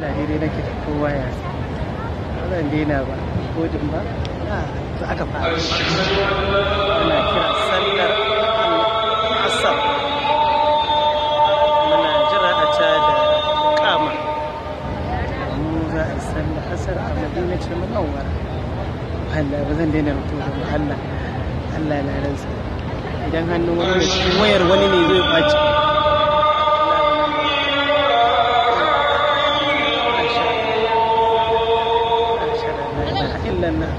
Allah na ke da kowa ya ba zan daina ba godin to aka fara ana kira sallar asar muna jira a ta da kama mu za a sallar asar a madina ce munawwar Allah ba zan daina rubutu da Allah Allah na ransa idan hannun wani ne wayar wani ne zai baci illan nan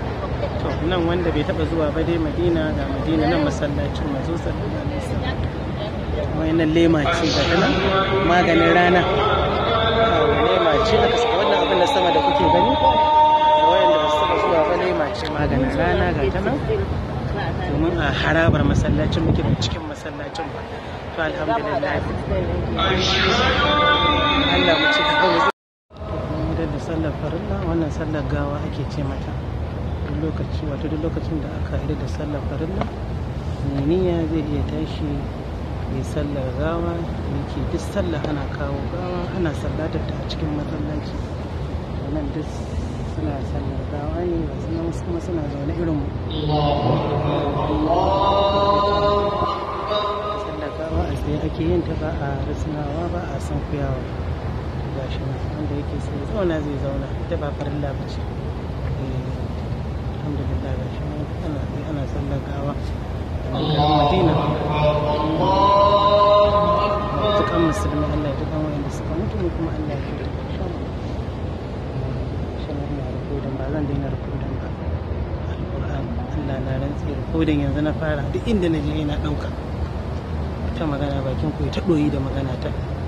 to nan wanda bai taba zuwa ba dai madina ga madina nan masallacin mazo sallallahu alaihi wasallam wayannan lema ce ga kana maganin rana lema ce aka saka wannan abin da sama da kuke gani wayanda ba su taba zuwa ba lema ce maganin rana ga kana domin a harabar masallacin muke cikin masallacin ba to alhamdulillah Allah mu ci gaba sallar farilla wannan sallar gawa ake ce mata duk lokaci wato duk lokacin da aka yi da sallar farilla niniya zai iya tashi mai sallar gawa yake duk sallar ana kawo gawa ana sallatar ta a cikin masallaci wannan duk suna sallar gawa ne ba su kuma suna zaune irin mu sallar gawa a tsaye ake yin ta ba a rasinawa ba a sankuyawa gashi wanda yake so ya zauna zai zauna ita ba farin ba ce eh, alhamdulillah gashi ana ana sallar gawa madina tukan musulmi Allah ya dukkan wanda suka mutu kuma Allah ya dukkan ba zan daina rikodin ba alƙur'an Allah na rantsi rikodin yanzu na fara duk inda na je yana ɗauka ta magana bakin ku ta ɗoyi da magana ta